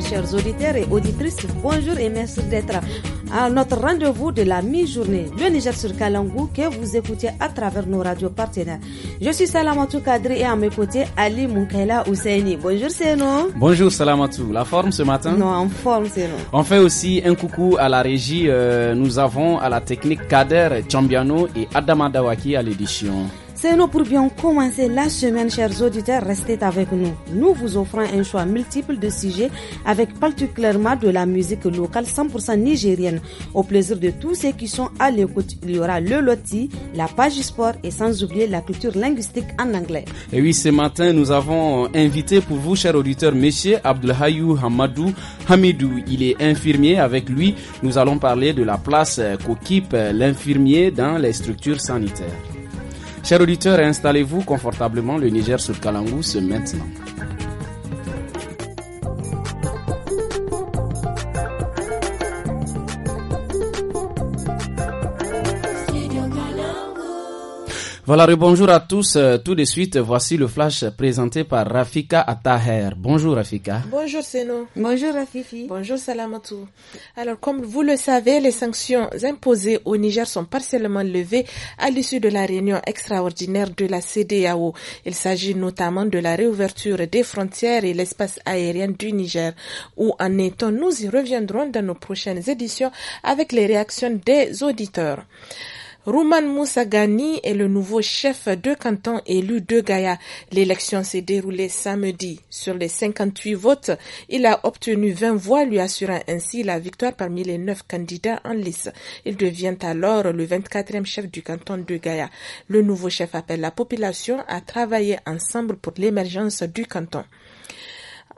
chers, auditeurs et auditrices, bonjour et merci d'être à notre rendez-vous de la mi-journée, le Niger sur Kalangou, que vous écoutez à travers nos radios partenaires. Je suis Salamatou Kadri et à mes côtés, Ali Moukaila Ousseini. Bonjour Seno. Bonjour Salamatou. La forme ce matin Non, en forme Seno. On fait aussi un coucou à la régie. Euh, nous avons à la technique Kader, Chambiano et Adama Dawaki à l'édition. C'est nous pour bien commencer la semaine, chers auditeurs. Restez avec nous. Nous vous offrons un choix multiple de sujets avec particulièrement de la musique locale 100% nigérienne. Au plaisir de tous ceux qui sont à l'écoute, il y aura le loti, la page sport et sans oublier la culture linguistique en anglais. Et oui, ce matin, nous avons invité pour vous, chers auditeurs, monsieur Abdelhayou Hamadou Hamidou. Il est infirmier. Avec lui, nous allons parler de la place qu'occupe l'infirmier dans les structures sanitaires. Chers auditeurs, installez-vous confortablement. Le Niger sur Kalangou, ce maintenant. Voilà, bonjour à tous. Euh, tout de suite, voici le flash présenté par Rafika Ataher. Bonjour Rafika. Bonjour Seno. Bonjour Rafifi. Bonjour Salamatou. Alors, comme vous le savez, les sanctions imposées au Niger sont partiellement levées à l'issue de la réunion extraordinaire de la CDAO. Il s'agit notamment de la réouverture des frontières et l'espace aérien du Niger. Où en étant, nous y reviendrons dans nos prochaines éditions avec les réactions des auditeurs. Rouman Moussagani est le nouveau chef de canton élu de Gaïa. L'élection s'est déroulée samedi. Sur les 58 votes, il a obtenu 20 voix, lui assurant ainsi la victoire parmi les 9 candidats en lice. Il devient alors le 24e chef du canton de Gaïa. Le nouveau chef appelle la population à travailler ensemble pour l'émergence du canton.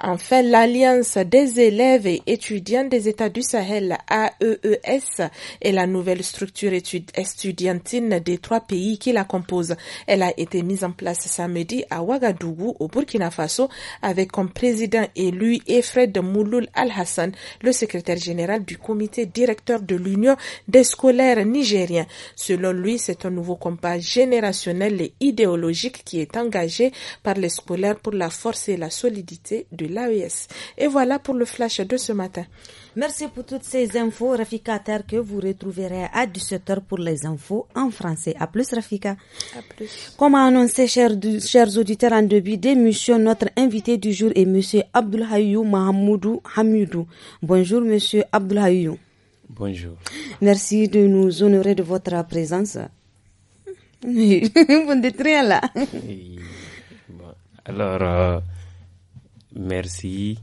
Enfin, l'Alliance des élèves et étudiants des États du Sahel, AEES, est la nouvelle structure estudiantine des trois pays qui la composent. Elle a été mise en place samedi à Ouagadougou, au Burkina Faso, avec comme président élu Efred Mouloul Al-Hassan, le secrétaire général du comité directeur de l'Union des scolaires nigériens. Selon lui, c'est un nouveau combat générationnel et idéologique qui est engagé par les scolaires pour la force et la solidité de et voilà pour le flash de ce matin. Merci pour toutes ces infos, Rafika terre que vous retrouverez à 17h pour les infos en français. A plus, Rafika. À plus. Comme annoncé, chers, chers auditeurs, en début d'émission, notre invité du jour est Monsieur Abdulhayou Mahamoudou Hamidou. Bonjour, Monsieur Abdulhayou. Bonjour. Merci de nous honorer de votre présence. vous n'êtes rien, là. Alors, euh, Merci.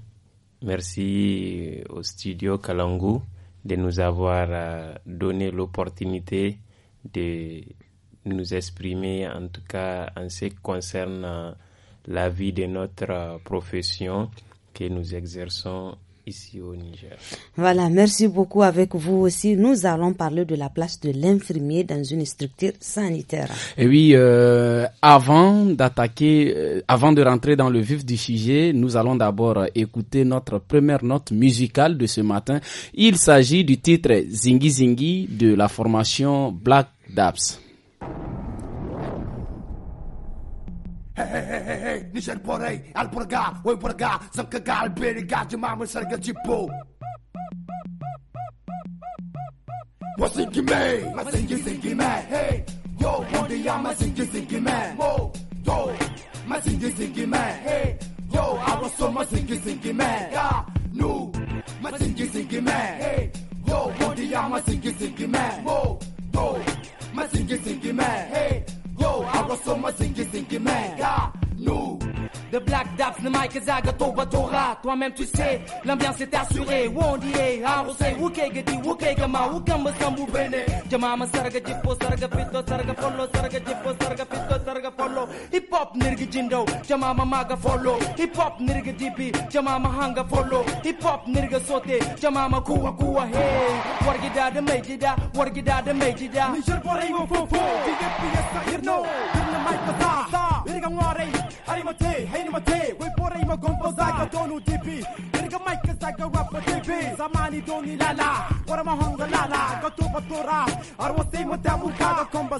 Merci euh, au studio Kalangu de nous avoir euh, donné l'opportunité de nous exprimer, en tout cas en ce qui concerne euh, la vie de notre profession que nous exerçons ici au Niger. Voilà, merci beaucoup avec vous aussi. Nous allons parler de la place de l'infirmier dans une structure sanitaire. Et oui, euh, avant d'attaquer, euh, avant de rentrer dans le vif du sujet, nous allons d'abord écouter notre première note musicale de ce matin. Il s'agit du titre Zingi Zingi de la formation Black Daps. نجر بوري البرقع ويبرقع زنق قاع البيري قاع جماعة من سرقة جيبو وسنجي مي ما سنجي سنجي مي هي يو هوندي يا ما سنجي سنجي مي مو يو ما سنجي سنجي مي هي يو عرسو ما سنجي سنجي مي يا نو ما سنجي سنجي مي هي يو هوندي يا ما سنجي سنجي مي مو يو ما سنجي سنجي مي هي thinking, man. God, no Le Black Daps, le mic toba zagato Toi-même tu sais, l'ambiance est assurée. Wondi sambu bene. Jamama sarga jippo, sarga pito, sarga follow sarga jippo, sarga pito, sarga follow Hip hop nirgi jindo, jamama maga follow. Hip hop nirgi dipi, jamama hanga follow. Hip hop nirgi sote, jamama kuwa kuwa hey. Wargi da de meji da, wargi da de meji da. Iriga ngore, hari mo te, hei mo we pore mo gompo zaga donu dibi. Iriga mic zaga rapper dibi. Zamani doni lala, wara lala, gato patora, arwa se mo tamu kaga komba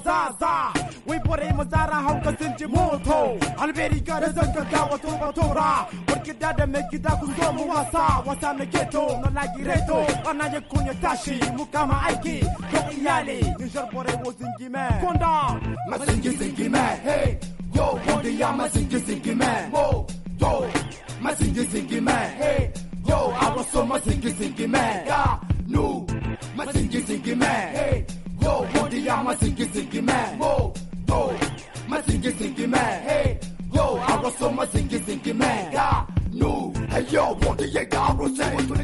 pore mo zara honga sinji moto. Alberi gara zaga gawa to patora. Porque dada me kida kundo wasa, wasa me keto, no lagi reto. Anaje kunya mukama aiki, pore me. me, hey yo, body I'm a sinky sinky man, mo, yo, my sinky sinky man, hey, yo, I was so my sinky sinky man, yeah, no, my sinky sinky man, hey, yo, body I'm a sinky sinky man, mo, yo, my sinky sinky man, hey, yo, I was so my sinky sinky man, yeah, no, hey yo, body I got was saying.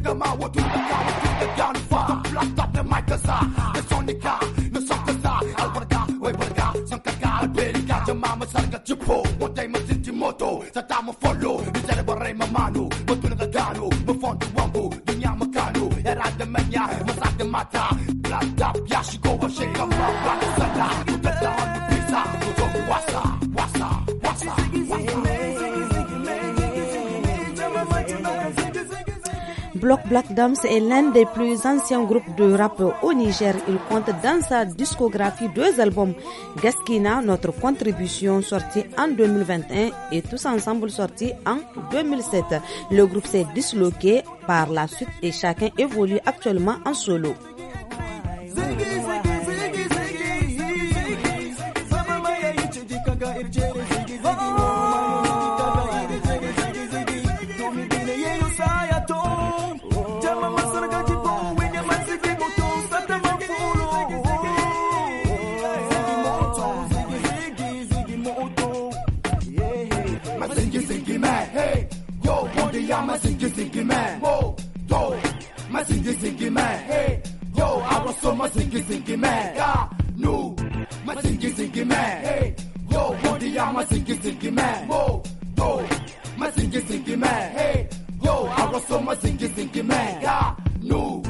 Black Dams est l'un des plus anciens groupes de rap au Niger. Il compte dans sa discographie deux albums, Gaskina, notre contribution sortie en 2021 et Tous ensemble sorti en 2007. Le groupe s'est disloqué par la suite et chacun évolue actuellement en solo. ziggy man. Whoa, go. My singing singing man. Hey, yo, I was so my singing singing man. Yeah, no. My singing singing man. Hey, yo, what the ya my singing singing man. Whoa, go. My singing singing man. Hey, yo, I was so my singing singing man. Yeah.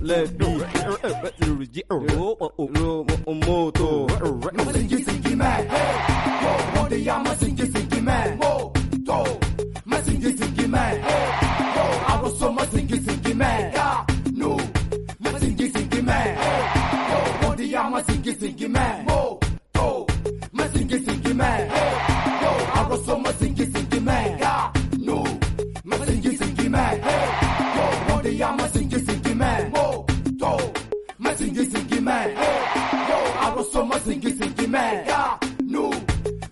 let me moto masinki sinki man wo wanda ya masinki sinki man moto masinki sinki man wo aroso masinki sinki man ya nu masinki sinki man wo wanda ya masinki sinki man moto masinki sinki man wo aroso masinki sinki man ya nu masinki sinki man wo wanda ya masinki masingi singi man. Ya nu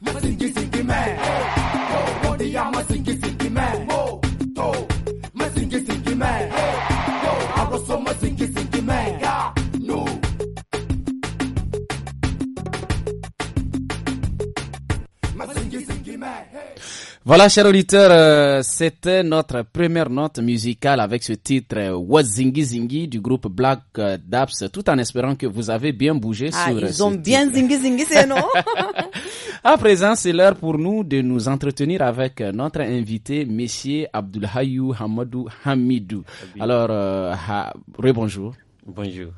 masingi singi man. Hey, yo, wonder ya masingi singi man. Whoa. Voilà, chers auditeurs, euh, c'était notre première note musicale avec ce titre euh, What zingy zingy » du groupe Black euh, Daps, tout en espérant que vous avez bien bougé ah, ils ont bien zingy zingy, c'est non À présent, c'est l'heure pour nous de nous entretenir avec notre invité, Monsieur Abdulhayou Hamadou Hamidou. Alors, rebonjour. bonjour. Bonjour.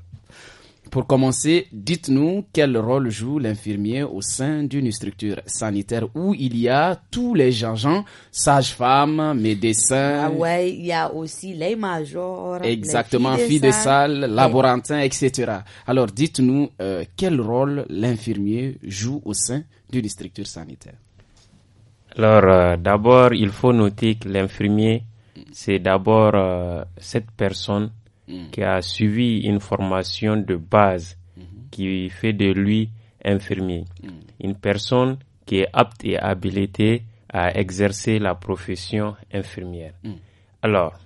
Pour commencer, dites-nous quel rôle joue l'infirmier au sein d'une structure sanitaire où il y a tous les gens, sages-femmes, médecins. Ah ouais, il y a aussi les majors. Exactement, les filles, de, salle, laborantins, etc. Alors dites-nous euh, quel rôle l'infirmier joue au sein d'une structure sanitaire. Alors euh, d'abord, il faut noter que l'infirmier, c'est d'abord euh, cette personne Mm. qui a suivi une formation de base mm-hmm. qui fait de lui infirmier, mm. une personne qui est apte et habilitée à exercer la profession infirmière. Mm. Alors,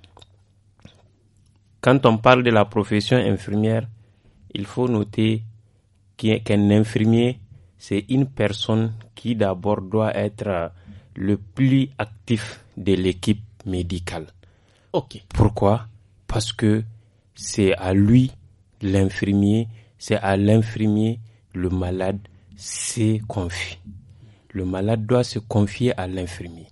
quand on parle de la profession infirmière, il faut noter qu'un infirmier, c'est une personne qui d'abord doit être euh, le plus actif de l'équipe médicale. Ok. Pourquoi Parce que c'est à lui l'infirmier, c'est à l'infirmier le malade s'est confie. Le malade doit se confier à l'infirmier.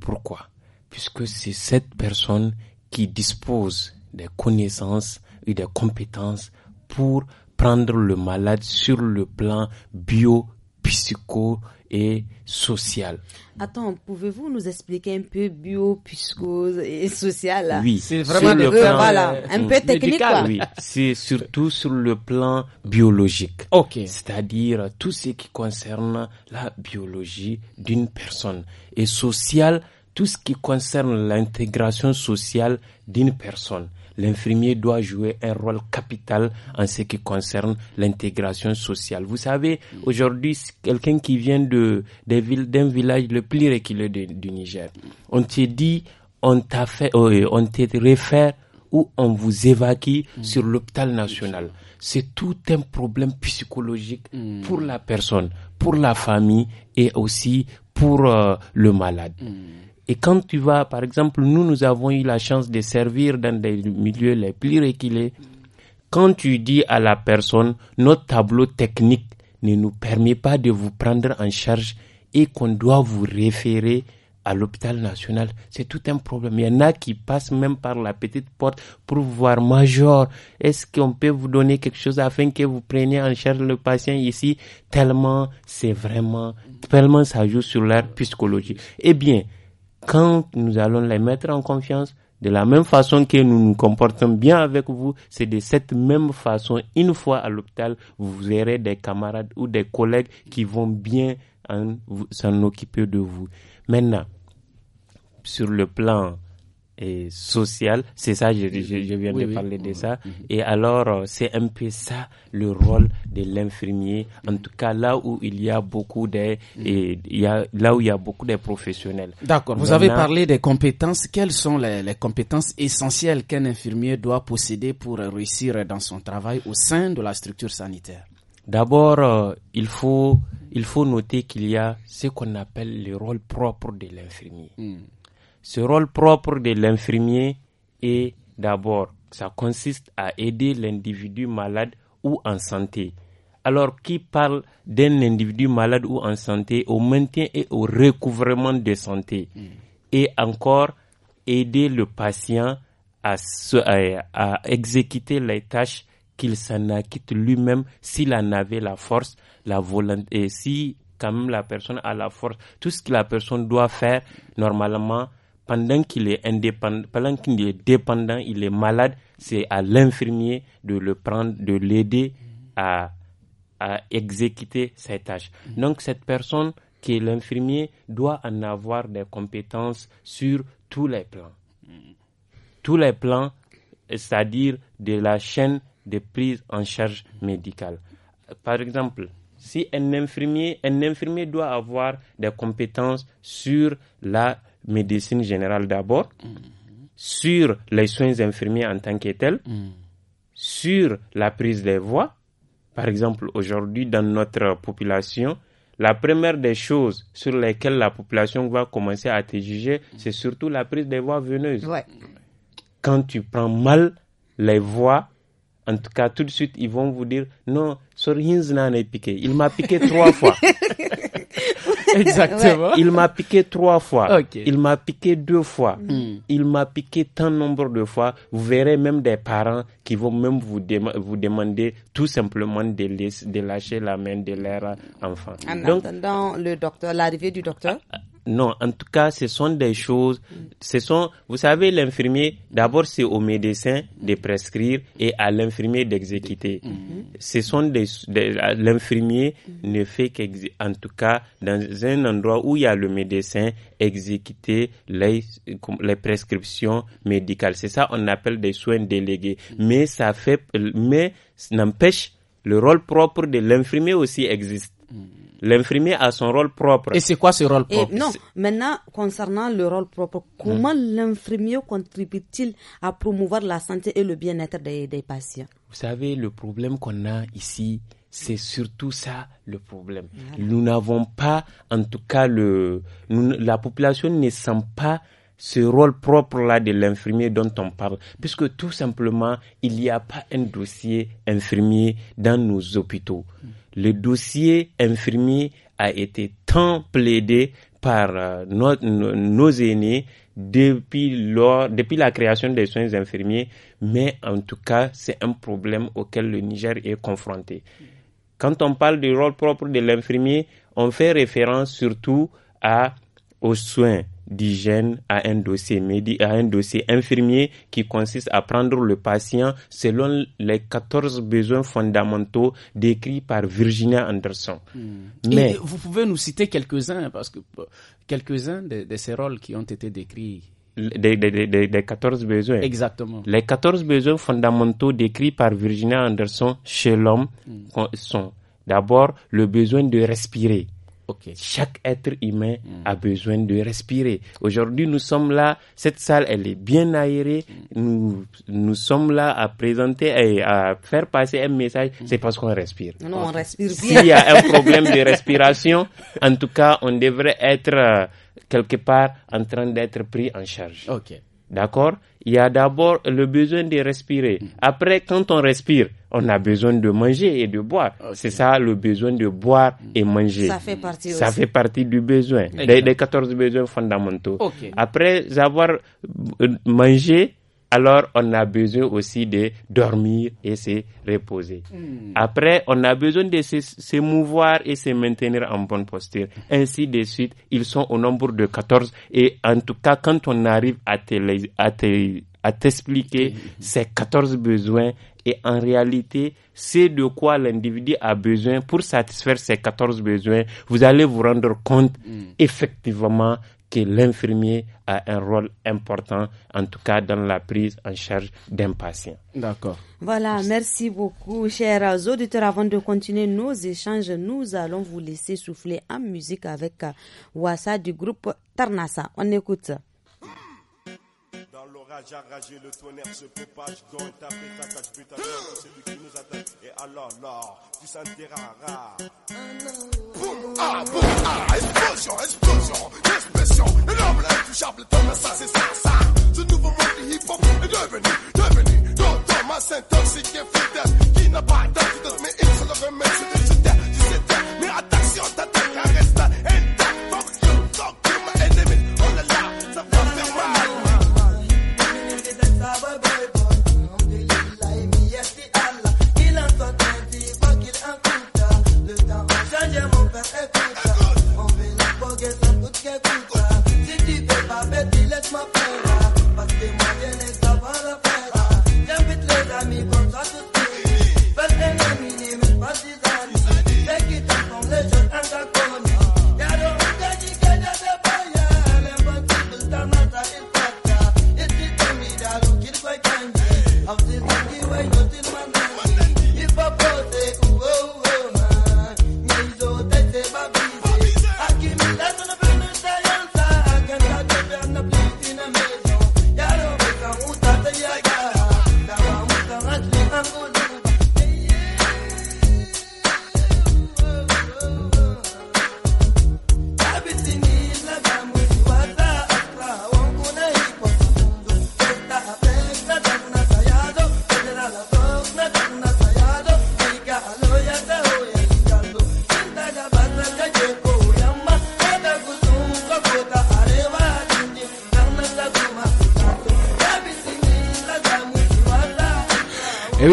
Pourquoi Puisque c'est cette personne qui dispose des connaissances et des compétences pour prendre le malade sur le plan bio, psycho, et sociale. Attends, pouvez-vous nous expliquer un peu bio, puisque et social Oui, c'est vraiment euh, un peu technique. Quoi. c'est surtout sur le plan biologique. Ok. C'est-à-dire tout ce qui concerne la biologie d'une personne et social tout ce qui concerne l'intégration sociale d'une personne l'infirmier doit jouer un rôle capital en ce qui concerne l'intégration sociale. Vous savez, aujourd'hui, quelqu'un qui vient de, des villes, d'un village le plus reculé du Niger, on te dit, on t'a fait, oh, on te réfère ou on vous évacue mm. sur l'hôpital national. C'est tout un problème psychologique mm. pour la personne, pour la famille et aussi pour euh, le malade. Mm. Et quand tu vas, par exemple, nous, nous avons eu la chance de servir dans des milieux les plus reculés. Quand tu dis à la personne, notre tableau technique ne nous permet pas de vous prendre en charge et qu'on doit vous référer à l'hôpital national, c'est tout un problème. Il y en a qui passent même par la petite porte pour voir major. Est-ce qu'on peut vous donner quelque chose afin que vous preniez en charge le patient ici? Tellement c'est vraiment, tellement ça joue sur leur psychologie. Eh bien, quand nous allons les mettre en confiance, de la même façon que nous nous comportons bien avec vous, c'est de cette même façon, une fois à l'hôpital, vous verrez des camarades ou des collègues qui vont bien s'en occuper de vous. Maintenant, sur le plan et social. C'est ça, je, viens de parler de ça. Mhm. Et alors, euh, c'est un peu ça le rôle de l'infirmier. En mhm. tout cas, là où il y a beaucoup de, mhm. là où il y a beaucoup de professionnels. D'accord. Vous avez parlé des compétences. Quelles sont les, compétences essentielles qu'un infirmier doit posséder pour réussir dans son travail au sein de la structure sanitaire? D'abord, euh, il faut il faut noter qu'il y a ce qu'on appelle le rôle propre de l'infirmier. Hmm. Ce rôle propre de l'infirmier est d'abord, ça consiste à aider l'individu malade ou en santé. Alors, qui parle d'un individu malade ou en santé au maintien et au recouvrement de santé mm. Et encore, aider le patient à, à, à exécuter les tâches qu'il s'en acquitte lui-même s'il en avait la force, la volonté, et si quand même la personne a la force, tout ce que la personne doit faire, normalement, pendant qu'il est indépendant, pendant qu'il est dépendant, il est malade, c'est à l'infirmier de le prendre, de l'aider à, à, exécuter ses tâches. Donc cette personne qui est l'infirmier doit en avoir des compétences sur tous les plans. Tous les plans, c'est-à-dire de la chaîne de prise en charge médicale. Par exemple, si un infirmier, un infirmier doit avoir des compétences sur la médecine générale d'abord, sur les soins infirmiers en tant que tels, sur la prise des voix. Par exemple, aujourd'hui, dans notre population, la première des choses sur lesquelles la population va commencer à te juger, c'est surtout la prise des voix veneuses. Quand tu prends mal les voix, en tout cas, tout de suite, ils vont vous dire, non, ce n'en est piqué. Il m'a piqué trois fois. Exactement. Il m'a piqué trois fois. Il m'a piqué deux fois. Hmm. Il m'a piqué tant nombre de fois. Vous verrez même des parents qui vont même vous, demander tout simplement de, de lâcher la main de leur enfant. En Donc, attendant le docteur, l'arrivée du docteur. Ah, non, en tout cas, ce sont des choses, ce sont, vous savez, l'infirmier, d'abord c'est au médecin de prescrire et à l'infirmier d'exécuter. Mhm. Ce sont des, l'infirmier ne fait en tout cas, dans un endroit où il y a le médecin, exécuter les, prescriptions médicales. C'est ça on appelle des soins délégués. Mais ça fait, mais n'empêche, le rôle propre de l'infirmier aussi existe. L'infirmier a son rôle propre. Et c'est quoi ce rôle propre Non, maintenant, concernant le rôle propre, comment hein. l'infirmier contribue-t-il à promouvoir la santé et le bien-être des, patients Vous savez, le problème qu'on a ici, c'est surtout ça le problème. Nous n'avons pas, en tout cas, le, la population ne sent pas ce rôle propre-là de l'infirmier dont on parle, puisque tout simplement, il n'y a pas un dossier infirmier dans nos hôpitaux. Le dossier infirmier a été tant plaidé par euh, nos, nos aînés depuis, lors, depuis la création des soins infirmiers, mais en tout cas, c'est un problème auquel le Niger est confronté. Quand on parle du rôle propre de l'infirmier, on fait référence surtout à, aux soins, d'hygiène à un dossier à un dossier infirmier qui consiste à prendre le patient selon les 14 besoins fondamentaux décrits par Virginia Anderson. Hmm. Mais vous pouvez nous citer quelques-uns parce que euh, quelques-uns de, ces rôles qui ont été décrits des, 14 besoins. Exactement. Les 14 besoins fondamentaux décrits par Virginia Anderson chez l'homme hmm. sont d'abord le besoin de respirer. Okay. Chaque être humain hmm. a besoin de respirer. Aujourd'hui, nous sommes là, cette salle, elle est bien aérée. Hmm. Nous, nous sommes là à présenter et à faire passer un message. Hmm. C'est parce qu'on respire. Non, on respire bien. S'il y a un problème de respiration, en tout cas, on devrait être euh, quelque part en train d'être pris en charge. OK. D'accord Il y a d'abord le besoin de respirer. Après, quand on respire, on a besoin de manger et de boire. C'est ça le besoin de boire et manger. Ça fait partie, ça Fait partie du besoin, des, 14 besoins fondamentaux. Après avoir euh, mangé, alors on a besoin aussi de dormir et se reposer. Hmm. Après, on a besoin de se, mouvoir et se maintenir en bonne posture. Ainsi de suite, ils sont au nombre de 14 et en tout cas, quand on arrive à, à télé, à t'expliquer mm-hmm. ses 14 besoins et en réalité, c'est de quoi l'individu a besoin pour satisfaire ses 14 besoins. Vous allez vous rendre compte mm. effectivement que l'infirmier a un rôle important, en tout cas dans la prise en charge d'un patient. D'accord. Voilà, merci beaucoup, chers auditeurs. Avant de continuer nos échanges, nous allons vous laisser souffler en musique avec Wassa du groupe Tarnassa. On écoute rage à rager, le tonnerre se propage, gagne ta pétatage, c'est celui qui nous attaque, et alors là, tu s'enterraras. Boum, ah, boum, ah, explosion, explosion, expression, énorme, l'intouchable, ton ça, c'est ça, ça. Ce nouveau monde du hip-hop est devenu, devenu, dans, dans ma s'intoxique et fidèle, qui n'a pas d'antidote, mais il se le remet, c'est de se taire, tu sais, mais attention attention. Eh, eh.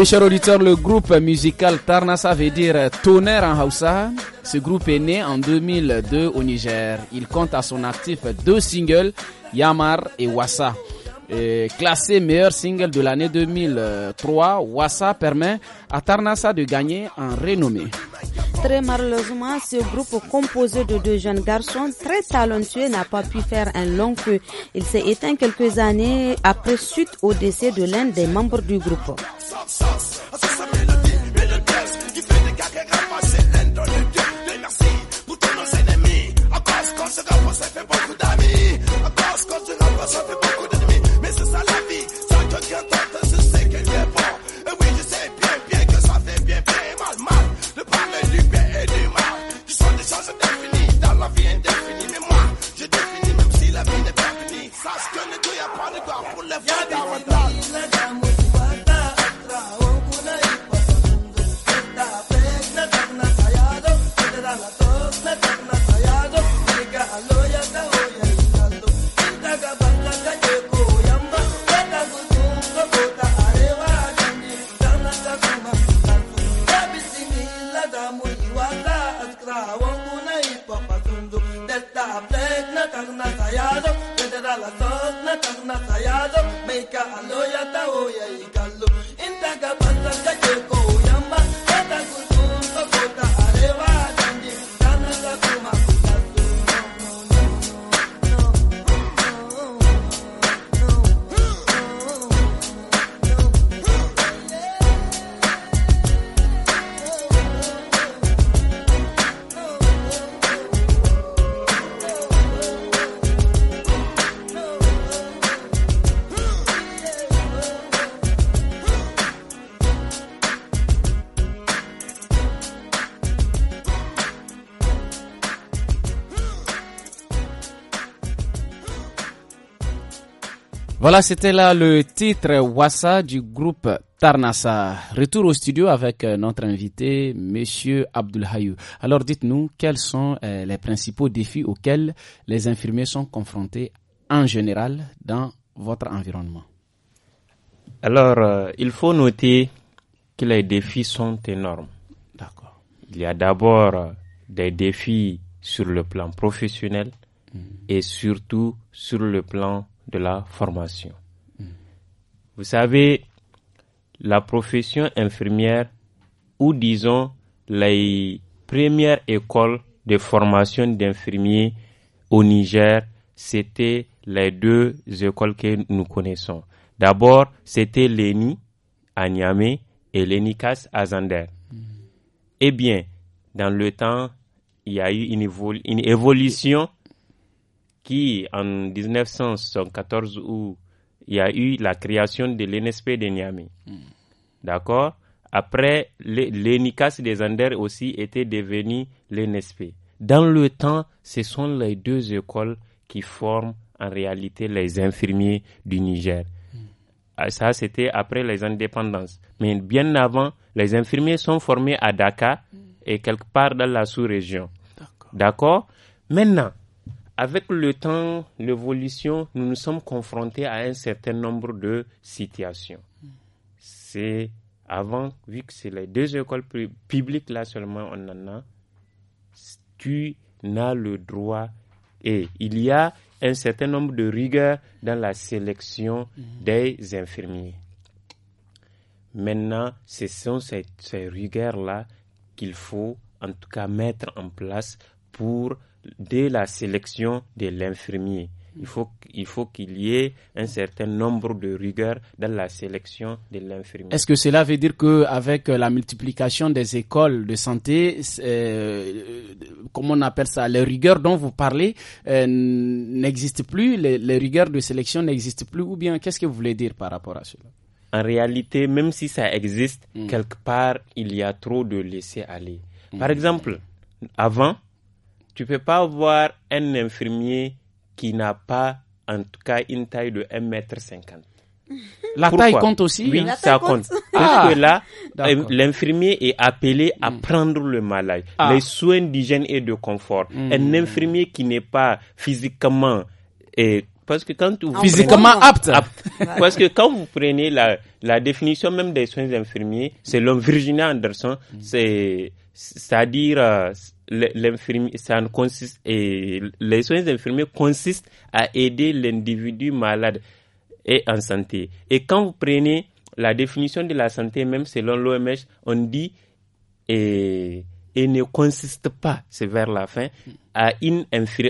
Mes chers auditeurs, le groupe musical Tarnasa veut dire tonnerre en Hausa. Ce groupe est né en 2002 au Niger. Il compte à son actif deux singles, Yamar et Wassa. classé meilleur single de l'année 2003, Wassa permet à Tarnasa de gagner en renommée. Très Malheureusement, ce groupe composé de deux jeunes garçons très talentueux n'a pas pu faire un long feu. Il s'est éteint quelques années après suite au décès de l'un des membres du groupe. No, ando ya voy y ya Voilà, c'était là le titre Wassa du groupe Tarnassa. Retour au studio avec euh, notre invité, Monsieur Abdulhayou. Alors dites-nous, quels sont euh, les principaux défis auxquels les infirmiers sont confrontés en général dans votre environnement Alors, euh, il faut noter que les défis sont énormes. D'accord. Il y a d'abord des défis sur le plan professionnel mm. et surtout sur le plan de la formation. Vous savez, la profession infirmière, ou disons les premières écoles de formation d'infirmiers au Niger, c'était les deux écoles que nous connaissons. D'abord, c'était l'ENI à Niamey et l'ENICAS à Zander. Mm. Eh bien, dans le temps, il y a eu une, une évolution qui, en 1914, où il y a eu la création de l'NSP de Niamey. Hmm. D'accord Après, l'ENICAS des Anders aussi était devenu l'NSP. Dans le temps, ce sont les deux écoles qui forment en réalité les infirmiers du Niger. Hmm. Ah, ça, c'était après les indépendances. Mais bien avant, les infirmiers sont formés à Dakar hmm. et quelque part dans la sous-région. D'accord Maintenant, avec le temps, l'évolution, nous nous sommes confrontés à un certain nombre de situations. C'est avant, vu que c'est les deux écoles publiques, là seulement on en a, tu n'as le droit et il y a un certain nombre de rigueurs dans la sélection mhm. des infirmiers. Maintenant, ce sont ces, ces rigueurs-là qu'il faut en tout cas mettre en place pour dès la sélection de l'infirmier. Il faut, il faut qu'il y ait un certain nombre de rigueur dans la sélection de l'infirmier. Est-ce que cela veut dire qu'avec euh, la multiplication des écoles de santé, euh, comment on appelle ça, les rigueurs dont vous parlez euh, n'existent plus, les, rigueurs de sélection n'existent plus, ou bien qu'est-ce que vous voulez dire par rapport à cela En réalité, même si ça existe, mm. quelque part, il y a trop de laisser aller. Par mm. exemple, avant, tu peux pas avoir un infirmier qui n'a pas, en tout cas, une taille de 1m50. La taille compte aussi Oui, ça compte. Parce que ah, là, euh, l'infirmier est appelé à mm. prendre le malade. Ah. Les soins d'hygiène et de confort. Mm. Un infirmier qui n'est pas physiquement... Euh, parce que quand vous physiquement apte. parce que quand vous prenez la, la définition même des soins infirmiers, c'est l'homme Virginia Anderson, mm. c'est c'est-à-dire euh, ça consiste, et les soins infirmiers consistent à aider l'individu malade et en santé. Et quand vous prenez la définition de la santé, même selon l'OMS, on dit et, ne consiste pas, c'est vers la fin, à,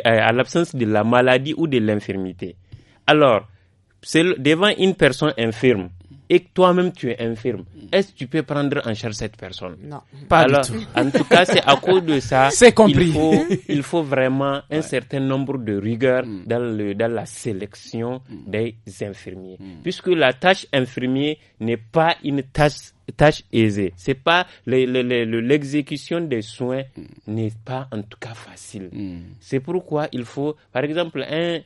à l'absence de la maladie ou de l'infirmité. Alors, devant une personne infirme, et que toi-même tu es infirme, mm. est-ce que tu peux prendre en charge cette personne Non, pas du tout. En tout cas, c'est à cause de ça. C'est compris. Il faut, vraiment un certain nombre de rigueur mm. dans, dans la sélection mm. des infirmiers, puisque la tâche infirmier n'est pas une tâche aisée. C'est pas l'exécution des soins n'est pas en tout cas facile. C'est pourquoi il faut, par exemple, un,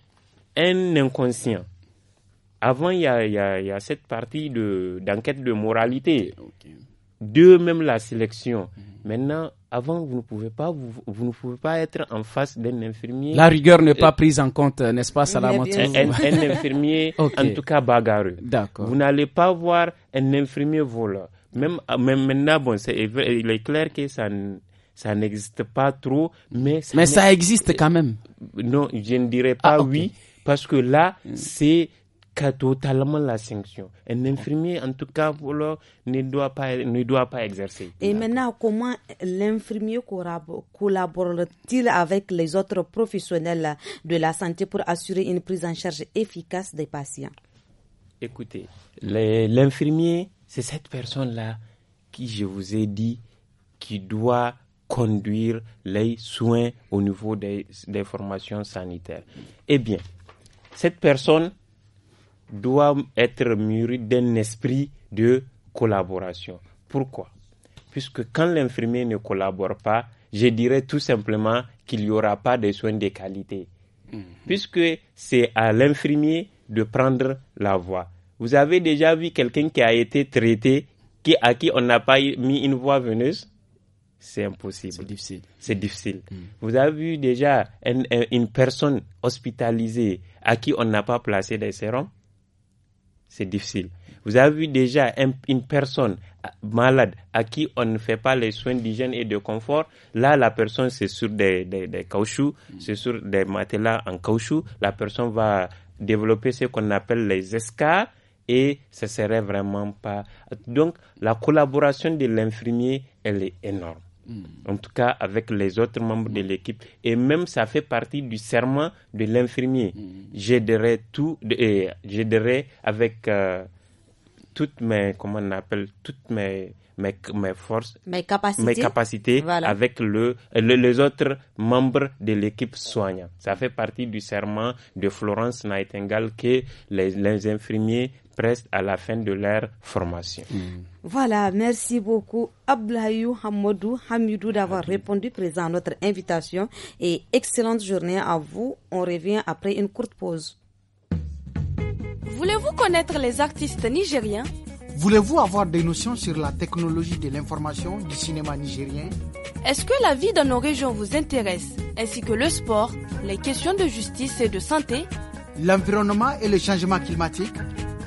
un inconscient avant, il y a, cette partie d'enquête de, moralité. de Deux, même la sélection. Maintenant, avant, vous ne pouvez pas, vous, vous, ne pouvez pas être en face d'un infirmier. La rigueur n'est pas prise en compte, euh, n'est-ce pas, ça un, infirmier, en tout cas bagarreux. Vous n'allez pas voir un infirmier voleur. Même, ah, même maintenant, bon, il est clair que ça, ça n'existe pas trop, mais ça, mais ça existe quand même. Non, je ne dirais pas ah, oui, parce que là, mm. c'est cas totalement la sanction. Un infirmier, en tout cas, ne doit pas, ne doit pas exercer. Et maintenant, comment l'infirmier collabore-t-il avec les autres professionnels de la santé pour assurer une prise en charge efficace des patients Écoutez, l'infirmier, c'est cette personne-là qui, je vous ai dit, qui doit conduire les soins au niveau des, des formations sanitaires. Eh bien, cette personne, doit être mûri d'un esprit de collaboration. Pourquoi Puisque quand l'infirmier ne collabore pas, je dirais tout simplement qu'il n'y aura pas de soins de qualité. Mhm. Puisque c'est à l'infirmier de prendre la voie. Vous avez déjà vu quelqu'un qui a été traité, qui, à qui on n'a pas mis une voie veineuse C'est impossible. C'est difficile. C'est difficile. Mhm. Vous avez vu déjà une personne hospitalisée à qui on n'a pas placé des sérums c'est difficile. Vous avez vu déjà une personne euh, malade à qui on ne fait pas les soins d'hygiène et de confort. Là, la personne, c'est sur des, des, caoutchoucs, c'est sur des matelas en caoutchouc. La personne va développer ce qu'on appelle les escars et ce serait vraiment pas. Donc, la collaboration de l'infirmier, elle est énorme en tout cas avec les autres membres de l'équipe. Et même ça fait partie du serment de l'infirmier. Mm. J'aiderai tout, j'aiderai avec euh, toutes mes, comment on appelle, toutes mes, mes, mes forces, mes capacités, mes capacités avec le, les autres membres de l'équipe soignante. Ça fait partie du serment de Florence Nightingale que les infirmiers presque à la fin de leur formation. Mm. Voilà, merci beaucoup Ablayou Hamadou Hamidou d'avoir répondu présent à notre invitation et excellente journée à vous. On revient après une courte pause. Voulez-vous connaître les artistes nigériens Voulez-vous avoir des notions sur la technologie de l'information du cinéma nigérien Est-ce que la vie dans nos régions vous intéresse, ainsi que le sport, les questions de justice et de santé L'environnement et le changement climatique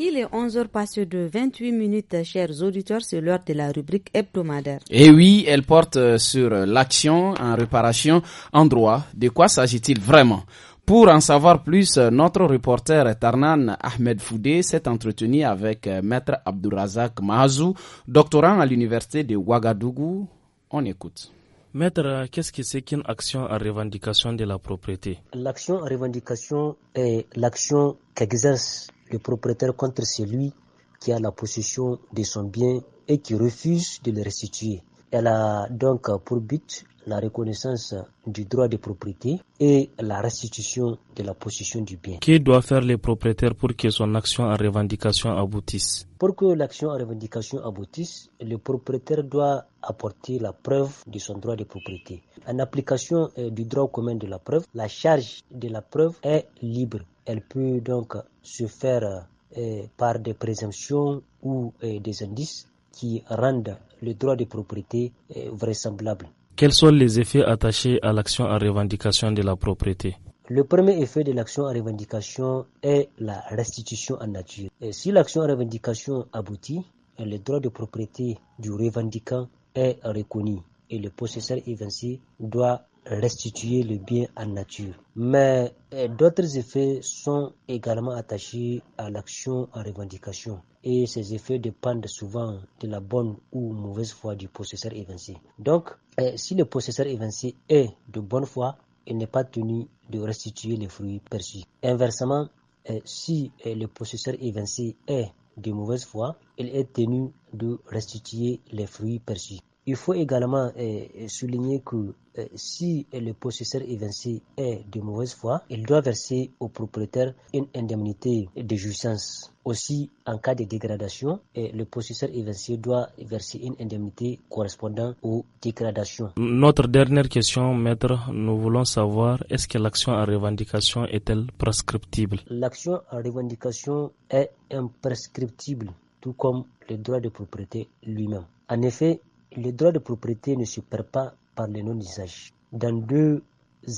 Il est 11h passé de 28 minutes, chers auditeurs, c'est l'heure de la rubrique hebdomadaire. Et eh oui, elle porte euh, sur l'action en réparation en droit. De quoi s'agit-il vraiment pour en savoir plus, euh, notre reporter Tarnan Ahmed Foudé s'est entretenu avec euh, Maître Abdourazak Mahazou, doctorant à l'université de Ouagadougou. On écoute. Maître, qu'est-ce que c'est qu'une action en revendication de la propriété L'action en revendication est l'action qu'exerce le propriétaire contre celui qui a la possession de son bien et qui refuse de le restituer. Elle a donc pour but la reconnaissance du droit de propriété et la restitution de la possession du bien. Que doit faire le propriétaire pour que son action en revendication aboutisse Pour que l'action en revendication aboutisse, le propriétaire doit apporter la preuve de son droit de propriété. En application euh, du droit commun de la preuve, la charge de la preuve est libre elle peut donc se faire euh, par des présomptions ou euh, des indices qui rendent le droit de propriété euh, vraisemblable. Quels sont les effets attachés à l'action en revendication de la propriété le premier effet de l'action en revendication est la restitution en nature. si l'action en revendication aboutit, le droit de propriété du revendiquant est reconnu et le possesseur évincé doit restituer le bien en nature. Mais euh, d'autres effets sont également attachés à l'action en revendication et ces effets dépendent souvent de la bonne ou mauvaise foi du possesseur évincé. Donc, euh, si le possesseur évincé est de bonne foi, il n'est pas tenu de restituer les fruits perçus. Inversement, euh, si le possesseur évincé est de mauvaise foi, il est tenu de restituer les fruits perçus. Il faut également euh, euh, souligner que euh, si le possesseur évincé est de mauvaise foi, il doit verser au propriétaire une indemnité de jouissance. Aussi, en cas de dégradation, le possesseur évincé doit verser une indemnité correspondant aux dégradations. Notre dernière question, maître, nous voulons savoir est-ce que l'action en revendication est-elle prescriptible L'action en revendication est imprescriptible, tout comme le droit de propriété lui-même. En effet, le droit de propriété ne se perd pas par le non-usage. Dans deux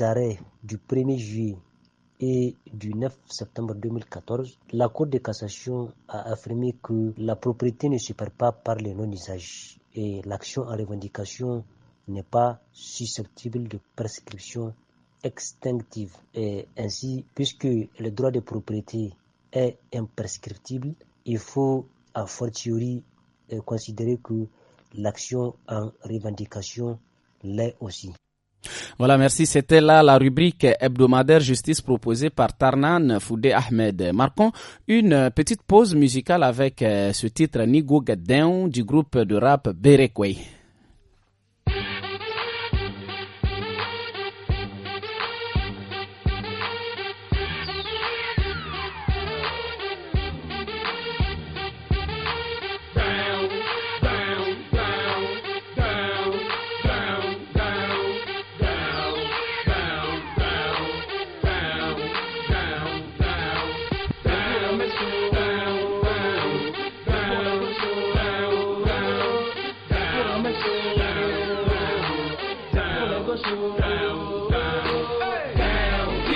arrêts du 1er juillet et du 9 septembre 2014, la Cour de cassation a affirmé que la propriété ne se perd pas par le non-usage et l'action en revendication n'est pas susceptible de prescription extinctive. ainsi, puisque le droit de propriété est imprescriptible, il faut a fortiori euh, considérer que l'action en revendication l'est aussi. Voilà, merci. C'était là la rubrique hebdomadaire justice proposée par Tarnan Foudé Ahmed. Marquons une petite pause musicale avec euh, ce titre Nigo Gadeon du groupe de rap Berekway.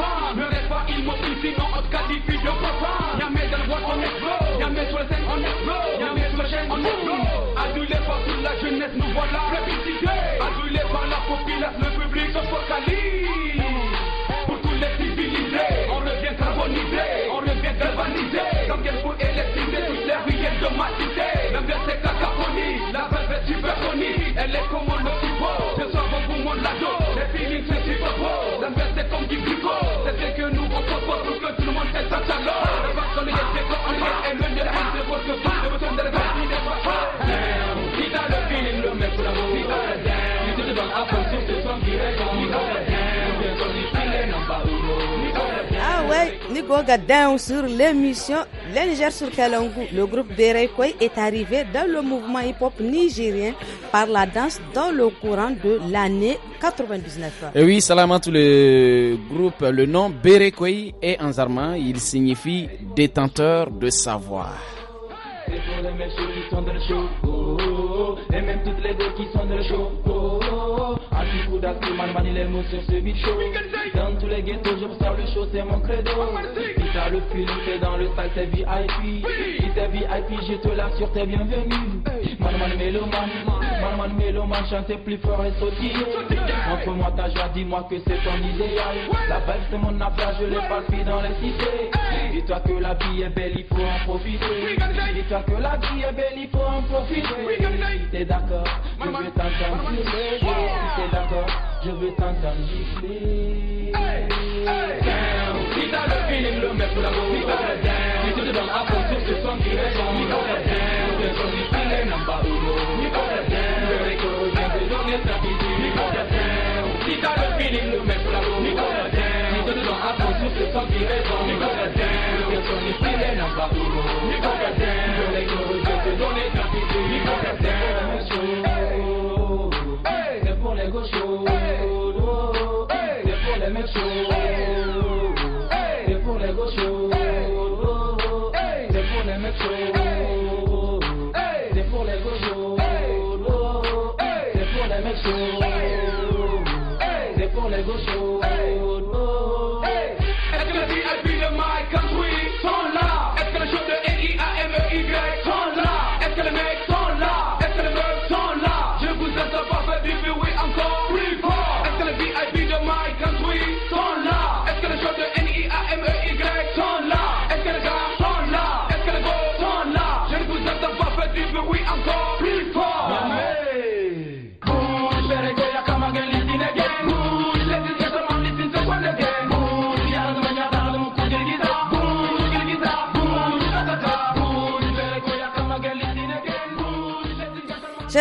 Ne reste pas immobile sinon on te qualifie de profane Y'a mes dans le bois on explose Y'a mes sur la scène on explose Y'a mes sur la chaîne on explose Adulé par toute la jeunesse nous voilà plébiscité Adulé par la populace le public se focalise Pour tous les civilisés on revient carbonisé On revient galvanisé Comme qu'elle pour électriser toutes les ruelles de ma cité Même vers c'est cacophonie, la veuve est superphonie Elle est comme un occupant Je sors pour mon lado Les filles c'est super beau L'inverse c'est comme du Hey! ouais, Nigoga sur l'émission Le sur Kalangu. Le groupe Derekwe est arrivé dans le mouvement hip-hop nigérien par la danse dans le courant de l'année 99. Et oui, à tout le groupe. Le nom Berekwe est en zarma. Il signifie détenteur de savoir. Et même toutes les deux qui sont de chaud oh, oh, Un oh, petit oh. coup man manie les mots sur ce beat show Dans tous les ghettos j'observe le show c'est mon credo Si t'as le film t'es dans le style t'es VIP Si t'es VIP je te l'assure t'es bienvenu Man man méloman Man man méloman chantez plus fort et sautille Montre-moi ta joie dis-moi que c'est ton idéal La belle c'est mon affaire je l'ai pas dans les cités Dis-toi que la vie est belle, il faut en profiter. Dis-toi que la vie est belle, il faut en profiter. Si t'es d'accord, je veux t'entendre Si t'es d'accord, je veux t'entendre gifler. si t'as le feeling, le mec pour la go. Si tu te donnes à fond sur ce son qui répond. Si t'as le son qui fait les numbers uno. Si t'as le récord, je vais donner ta visite. Si t'as le feeling, le mec pour la go. Si tu te donnes à fond sur ce son qui répond. Ni con que te, yo le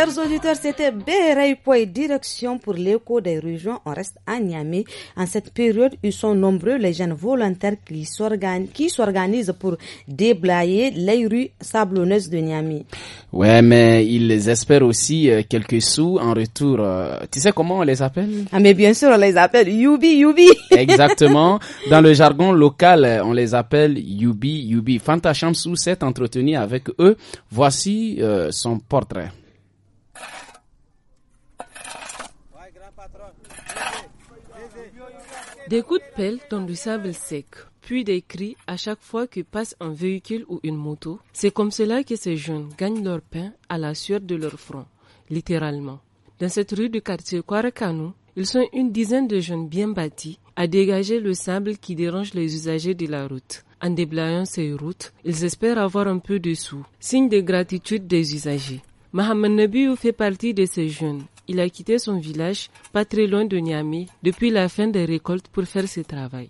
Chers auditeurs, c'était Béraï direction pour l'écho des régions. On reste à Niamey. En cette période, ils sont nombreux les jeunes volontaires qui s'organisent pour déblayer les rues sablonneuses de Niamey. Ouais, mais ils espèrent aussi euh, quelques sous en retour. Euh, tu sais comment on les appelle Ah, mais bien sûr, on les appelle Yubi Yubi. Exactement. Dans le jargon local, euh, on les appelle Yubi Yubi. Fanta Chamsou s'est entretenu avec eux. Voici son portrait. Des coups de pelle dans du sable sec, puis des cris à chaque fois que passe un véhicule ou une moto. C'est comme cela que ces jeunes gagnent leur pain à la sueur de leur front, littéralement. Dans cette rue du quartier Kwarakano, ils sont une dizaine de jeunes bien bâtis à dégager le sable qui dérange les usagers de la route. En déblayant ces routes, ils espèrent avoir un peu de sous, signe de gratitude des usagers. Mohamed Nabiou fait partie de ces jeunes il a quitté son village, pas très loin de Niamey, depuis la fin des récoltes pour faire ce travail.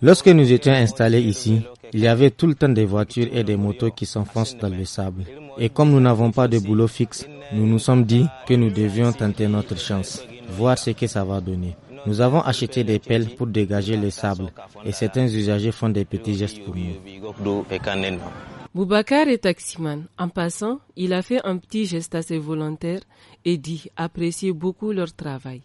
Lorsque nous étions installés ici, il y avait tout le temps des voitures et des motos qui s'enfoncent dans le sable. Et comme nous n'avons pas de boulot fixe, nous nous sommes dit que nous devions tenter notre chance, voir ce que ça va donner. Nous avons acheté des pelles pour dégager le sable et certains usagers font des petits gestes pour nous. Boubacar est taximan. En passant, il a fait un petit geste à ses volontaires et dit apprécier beaucoup leur travail.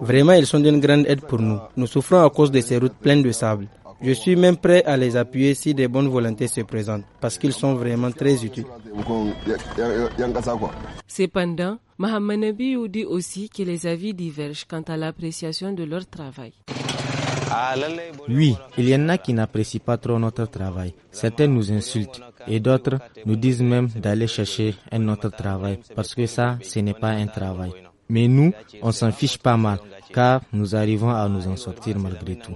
Vraiment, ils sont d'une grande aide pour nous. Nous souffrons à cause de ces routes pleines de sable. Je suis même prêt à les appuyer si des bonnes volontés se présentent, parce qu'ils sont vraiment très utiles. Cependant, Mohamed Nabi dit aussi que les avis divergent quant à l'appréciation de leur travail. Oui, il y en a qui n'apprécient pas trop notre travail. Certains nous insultent et d'autres nous disent même d'aller chercher un autre travail parce que ça, ce n'est pas un travail. Mais nous, on s'en fiche pas mal, car nous arrivons à nous en sortir malgré tout.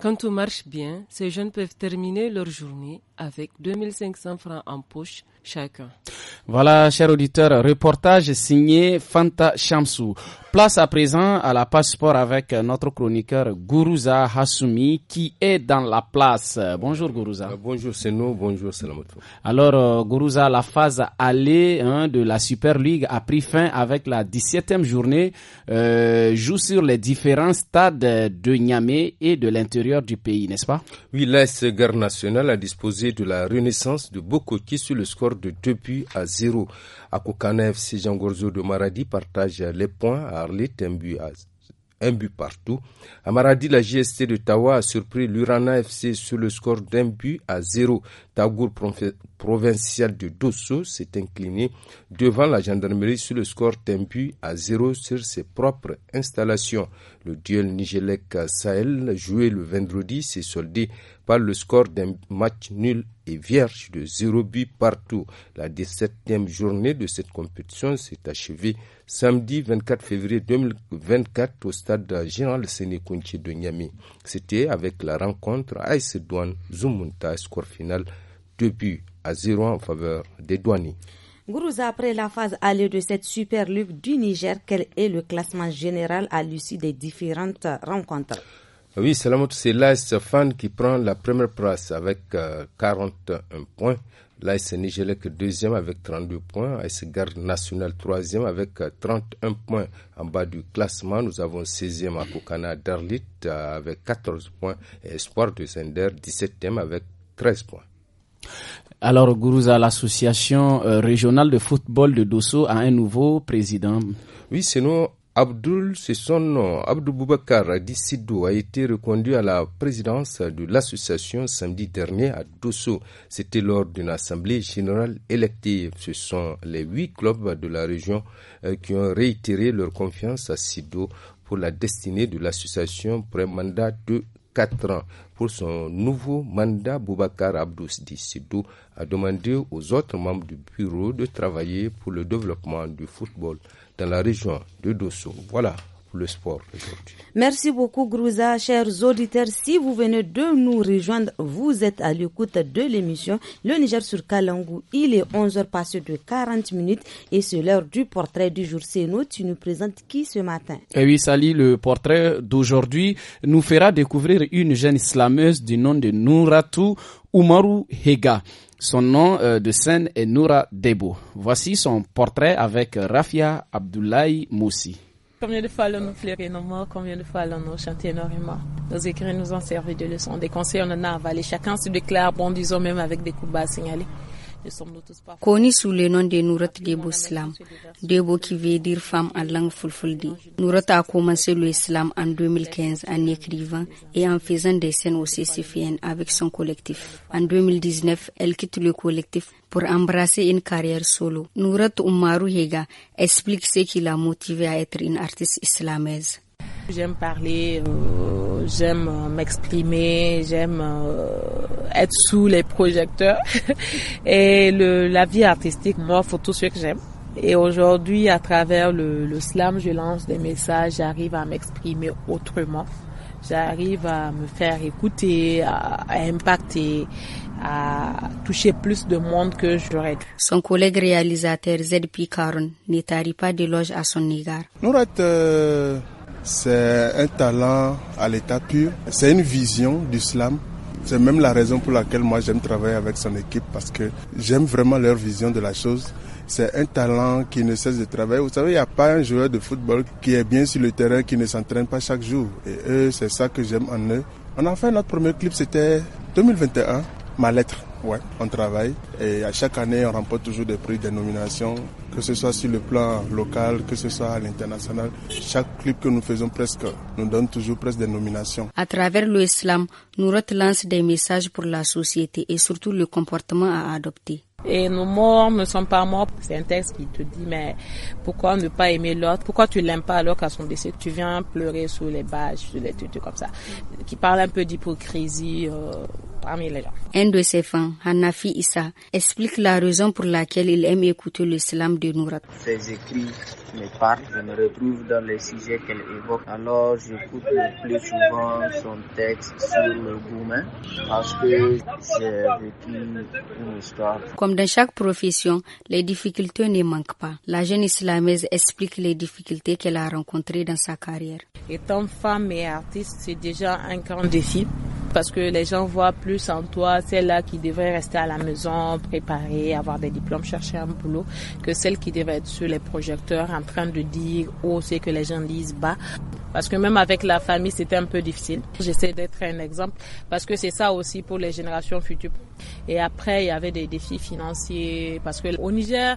Quand tout marche bien, ces jeunes peuvent terminer leur journée avec 2500 francs en poche chacun. Voilà, cher auditeur, reportage signé Fanta Shamsou. Place à présent à la passeport avec notre chroniqueur Gourouza Hassoumi qui est dans la place. Bonjour Gourouza. Euh, bonjour Seno, bonjour Salamoto. Alors euh, Gourouza, la phase allée hein, de la Super League a pris fin avec la 17e journée. Euh, joue sur les différents stades de Niamey et de l'intérieur du pays, n'est-ce pas Oui, l'AS Garde Nationale a disposé de la renaissance de qui sur le score de 2 buts à 0. À FC, Jean Gorzo de Maradi partage les points à Arlit, un but partout. À Maradi, la JST de Tawa a surpris l'Urana FC sur le score d'un but à 0. Tagour provincial de Dosso s'est incliné devant la gendarmerie sur le score d'un but à zéro sur ses propres installations. Le duel Nigélec-Sahel joué le vendredi s'est soldé par le score d'un match nul et vierge de zéro but partout. La 17e journée de cette compétition s'est achevée samedi 24 février 2024 au stade général Sénékounché de Niamey. C'était avec la rencontre Aïs Douane score final deux buts à zéro en faveur des douaniers. Gourouza, après la phase allée de cette Super lutte du Niger, quel est le classement général à l'issue des différentes rencontres Oui, c'est l'AS Fan qui prend la première place avec 41 euh, points. L'AS Nigelec deuxième avec 32 points. AS Garde Nationale troisième avec 31 euh, points. En bas du classement, nous avons 16e à Koukana Darlit euh, avec 14 points. Espoir de Sender 17e avec 13 points. Alors, Gourouza, l'association euh, régionale de football de Dosso a un nouveau président. Oui, c'est nous. Abdul, c'est son nom. Abdou Boubacar Sido a été reconduit à la présidence de l'association samedi dernier à Dosso. C'était lors d'une assemblée générale élective. Ce sont les huit clubs de la région euh, qui ont réitéré leur confiance à Sido pour la destinée de l'association pour un mandat de quatre ans pour son nouveau mandat, Boubacar Abdou Dissidou a demandé aux autres membres du bureau de travailler pour le développement du football dans la région de Dosso. Voilà le sport Merci beaucoup, Grouza. Chers auditeurs, si vous venez de nous rejoindre, vous êtes à l'écoute de l'émission Le Niger sur Kalangou. Il est 11h passé de 40 minutes et c'est l'heure du portrait du jour. C'est nous, tu nous présentes qui ce matin Eh oui, Sali, le portrait d'aujourd'hui nous fera découvrir une jeune islameuse du nom de Nouratou Oumarou Hega. Son nom euh, de scène est Noura Debo. Voici son portrait avec Rafia Abdoulaye Moussi. Combien de fois allons-nous pleurer nos morts Combien de fois allons-nous chanter nos remords Nos écrits nous ont servi de leçons, Des conseils, on en a avalé. Chacun se déclare bon, disons même avec des coups bas signalés. Connue sous le nom de Nourat Debo Slam, Debo qui veut dire femme en langue fulfuldi, Nourat a commencé le en 2015 en écrivant et en faisant des scènes au CCFN avec son collectif. En 2019, elle quitte le collectif pour embrasser une carrière solo. Nourat Umaru Hega explique ce qui l'a motivée à être une artiste islamaise. J'aime parler, euh, j'aime euh, m'exprimer, j'aime euh, être sous les projecteurs. Et la vie artistique, moi, faut tout ce que j'aime. Et aujourd'hui, à travers le, slam, je lance des messages, j'arrive à m'exprimer autrement. J'arrive à me faire écouter, à, impacter, à toucher plus de monde que j'aurais Son collègue réalisateur Zed Picaron n'est pas d'éloge à son égard. Nous, c'est un talent à l'état pur. C'est une vision du slam. C'est même la raison pour laquelle moi j'aime travailler avec son équipe parce que j'aime vraiment leur vision de la chose. C'est un talent qui ne cesse de travailler. Vous savez, il n'y a pas un joueur de football qui est bien sur le terrain, qui ne s'entraîne pas chaque jour. Et eux, c'est ça que j'aime en eux. On a fait notre premier clip, c'était 2021, ma lettre. Ouais, on travaille et à chaque année, on remporte toujours des prix, des nominations que ce soit sur le plan local, que ce soit à l'international. Chaque clip que nous faisons presque nous donne toujours presque des nominations. À travers l'islam, nous relance lance des messages pour la société et surtout le comportement à adopter. Et nos morts ne sont pas morts. C'est un texte qui te dit, mais pourquoi ne pas aimer l'autre Pourquoi tu l'aimes pas alors qu'à son décès, tu viens pleurer sous les bâches, sur les comme ça Qui parle un peu d'hypocrisie. Euh, un de ses fans, Hanafi Issa, explique la raison pour laquelle il aime écouter l'islam de Nourat. Ses écrits me parlent, je me retrouve dans les sujets qu'elle évoque. Alors j'écoute le plus souvent son texte sur le gourmet parce que c'est une histoire. Comme dans chaque profession, les difficultés ne manquent pas. La jeune islamaise explique les difficultés qu'elle a rencontrées dans sa carrière. Étant femme et artiste, c'est déjà un grand défi parce que les gens voient plus en toi celle-là qui devrait rester à la maison, préparer, avoir des diplômes, chercher un boulot, que celle qui devrait être sur les projecteurs en train de dire oh, ce que les gens disent bas. Parce que même avec la famille, c'était un peu difficile. J'essaie d'être un exemple parce que c'est ça aussi pour les générations futures. Et après, il y avait des défis financiers parce que au Niger,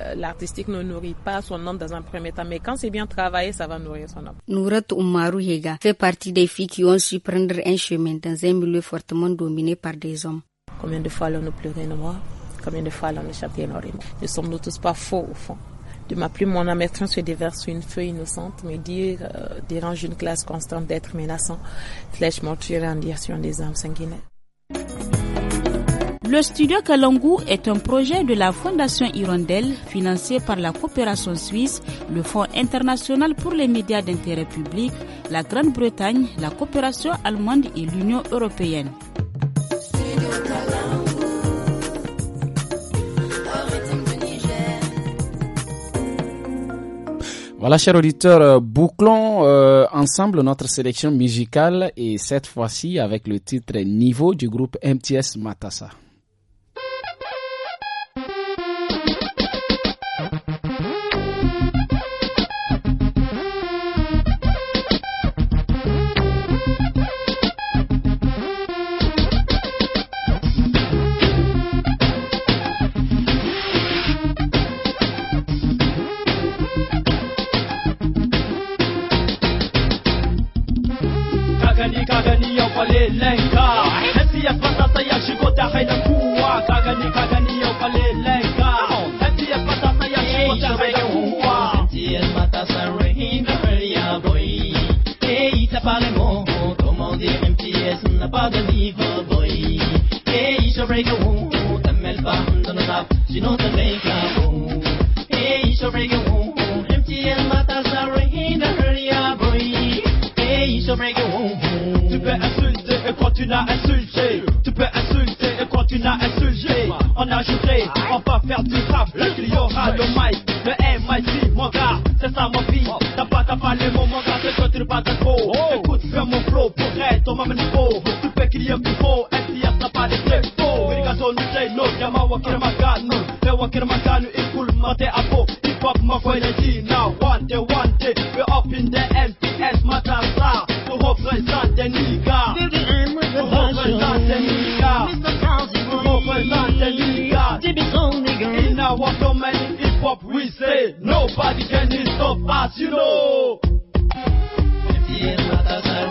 euh, l'artistique ne nourrit pas son homme dans un premier temps, mais quand c'est bien travaillé, ça va nourrir son homme. Nourat Oumarou Yega fait partie des filles qui ont su prendre un chemin dans un milieu fortement dominé par des hommes. Combien de fois allons-nous pleurer noir Combien de fois allons-nous chanter noir Ne sommes-nous tous pas faux au fond de ma plume, mon amertume se déverse sur une feuille innocente. Mais dire euh, dérange une classe constante d'être menaçant. Flèche mortuaire en direction des âmes sanguinaires. Le studio Kalangu est un projet de la Fondation Hirondelle financé par la coopération suisse, le Fonds international pour les médias d'intérêt public, la Grande-Bretagne, la coopération allemande et l'Union européenne. Voilà, chers auditeurs, euh, bouclons euh, ensemble notre sélection musicale et cette fois-ci avec le titre Niveau du groupe MTS Matassa. breakaway. Tu peux insulter et tu Tu peux insulter et tu n'as On a on va faire du rap Le aura le mic, le c'est ça mon vie T'as pas, ta mon gars, c'est tu pas Écoute fais mon flow pour être au même niveau Tu peux qu'il y ait pas de sonzeno jamaa wakira magano be wakira magano ikul mate abo ipap makwele jina wante wante we up in the MTS matasa to represent the nigga to represent the nigga to represent the nigga in our domain hip hop we say nobody can stop us you know yeah,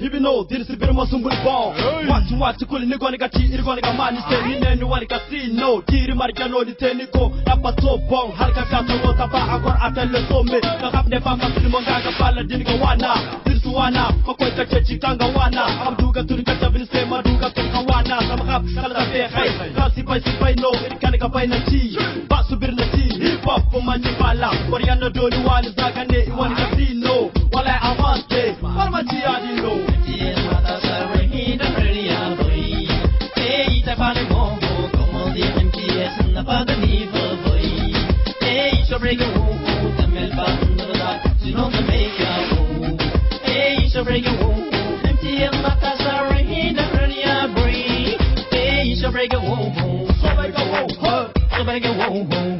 hibino dirisi birimo sumbulbo wacu wacu kuri nigonika ci irigonika manise ninenuwanika sino diri marika noniteniko abatobon harika katogota ba agor atalesome kakapne bamasilimo ngaka baladinika wana dirisi wana makoita ceci kanga wana abduga turika tabinise maduga kanka wana samakap kalaka fekai kasi bai sibai no irikanika bai na ci basubir na ci hip hop my jibala Wariyano doni wani zagane iwani kasino Walai amante farmaci adilo Kiyar matasar wani da murya boy Eyi ta fani mongo como di MPS na fada ni boy Eyi shobrega wuhu tamil bandada Sino na mega wuhu Eyi shobrega wuhu MTM matasar wani da murya boy Eyi shobrega wuhu Shobrega wuhu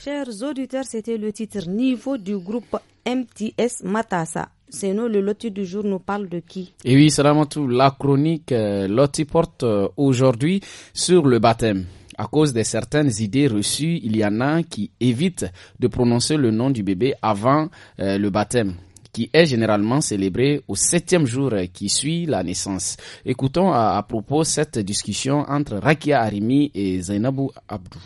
Chers auditeurs, c'était le titre Niveau du groupe MTS Matassa. C'est nous, le loti du jour nous parle de qui Et oui, c'est tout la chronique euh, loti porte euh, aujourd'hui sur le baptême. À cause de certaines idées reçues, il y en a qui évite de prononcer le nom du bébé avant euh, le baptême qui est généralement célébré au septième jour qui suit la naissance. Écoutons à, propos cette discussion entre Rakia Arimi et Zainabou Abdou.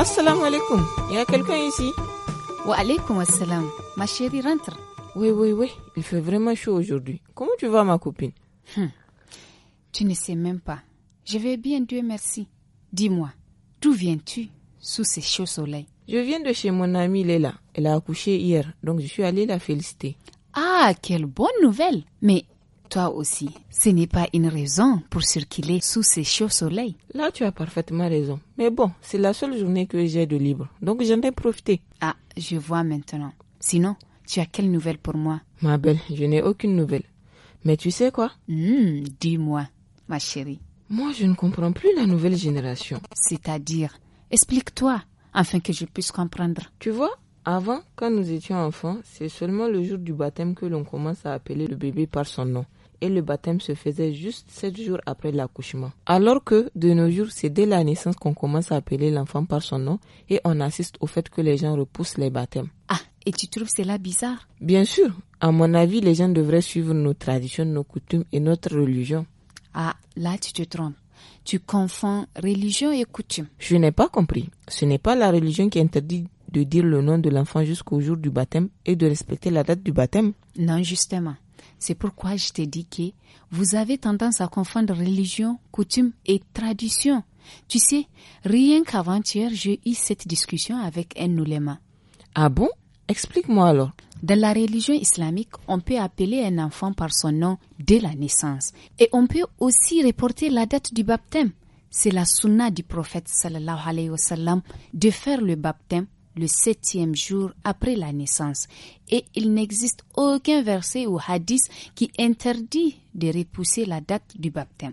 Assalamu alaikum, il y a quelqu'un ici Wa alaikum assalam, ma chérie rentre. Oui, oui, oui, il fait vraiment chaud aujourd'hui. Comment tu vas ma copine hmm. Tu ne sais même pas. Je vais bien, Dieu merci. Dis-moi, d'où viens-tu sous ces chauds soleils Je viens de chez mon amie Léla. Elle a accouché hier, donc je suis allée la féliciter. Ah, quelle bonne nouvelle Mais toi aussi. Ce n'est pas une raison pour circuler sous ces chauds soleils. Là, tu as parfaitement raison. Mais bon, c'est la seule journée que j'ai de libre, donc j'en ai profité. Ah, je vois maintenant. Sinon, tu as quelle nouvelle pour moi Ma belle, je n'ai aucune nouvelle. Mais tu sais quoi hmm, Dis-moi, ma chérie. Moi, je ne comprends plus la nouvelle génération. C'est-à-dire, explique-toi, afin que je puisse comprendre. Tu vois, avant, quand nous étions enfants, c'est seulement le jour du baptême que l'on commence à appeler le bébé par son nom et le baptême se faisait juste sept jours après l'accouchement. Alors que de nos jours, c'est dès la naissance qu'on commence à appeler l'enfant par son nom et on assiste au fait que les gens repoussent les baptêmes. Ah, et tu trouves cela bizarre Bien sûr. À mon avis, les gens devraient suivre nos traditions, nos coutumes et notre religion. Ah, là tu te trompes. Tu confonds religion et coutume. Je n'ai pas compris. Ce n'est pas la religion qui interdit de dire le nom de l'enfant jusqu'au jour du baptême et de respecter la date du baptême. Non, justement. C'est pourquoi je t'ai dit que vous avez tendance à confondre religion, coutume et tradition. Tu sais, rien qu'avant-hier, j'ai eu cette discussion avec un Ah bon Explique-moi alors. Dans la religion islamique, on peut appeler un enfant par son nom dès la naissance. Et on peut aussi reporter la date du baptême. C'est la sunna du prophète sallallahu alayhi wa sallam de faire le baptême le septième jour après la naissance. Et il n'existe aucun verset ou hadith qui interdit de repousser la date du baptême.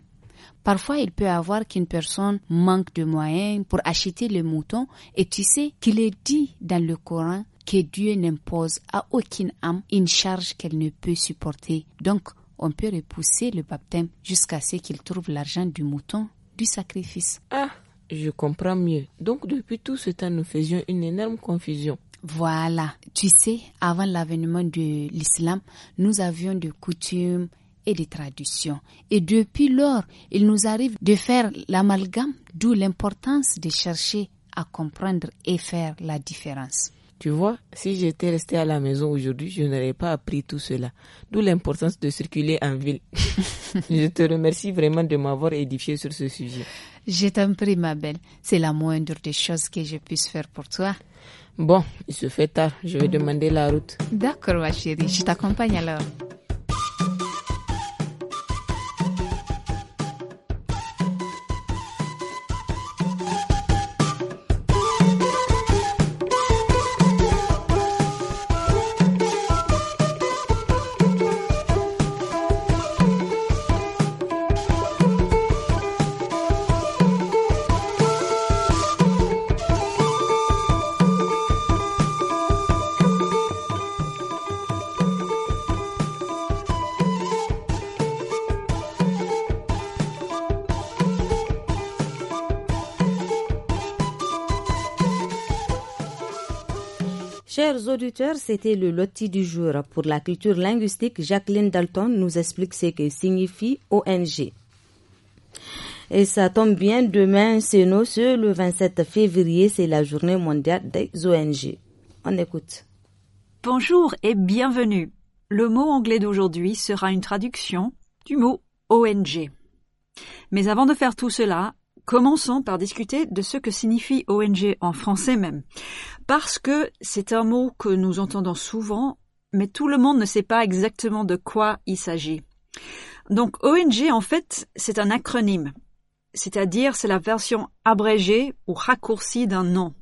Parfois, il peut avoir qu'une personne manque de moyens pour acheter le mouton et tu sais qu'il est dit dans le Coran que Dieu n'impose à aucune âme une charge qu'elle ne peut supporter. Donc, on peut repousser le baptême jusqu'à ce qu'il trouve l'argent du mouton du sacrifice. Ah, je comprends mieux. Donc depuis tout ce temps, nous faisions une énorme confusion. Voilà. Tu sais, avant l'avènement de l'islam, nous avions des coutumes et des traditions. Et depuis lors, il nous arrive de faire l'amalgame, d'où l'importance de chercher à comprendre et faire la différence. Tu vois, si j'étais resté à la maison aujourd'hui, je n'aurais pas appris tout cela. D'où l'importance de circuler en ville. je te remercie vraiment de m'avoir édifié sur ce sujet. Je t'en prie, ma belle. C'est la moindre des choses que je puisse faire pour toi. Bon, il se fait tard. Je vais demander la route. D'accord, ma chérie. Je t'accompagne alors. c'était le loti du jour. Pour la culture linguistique, Jacqueline Dalton nous explique ce que signifie ONG. Et ça tombe bien, demain, c'est nos nous, le 27 février, c'est la journée mondiale des ONG. On écoute. Bonjour et bienvenue. Le mot anglais d'aujourd'hui sera une traduction du mot ONG. Mais avant de faire tout cela, Commençons par discuter de ce que signifie ONG en français même, parce que c'est un mot que nous entendons souvent, mais tout le monde ne sait pas exactement de quoi il s'agit. Donc ONG, en fait, c'est un acronyme, c'est-à-dire c'est la version abrégée ou raccourcie d'un nom.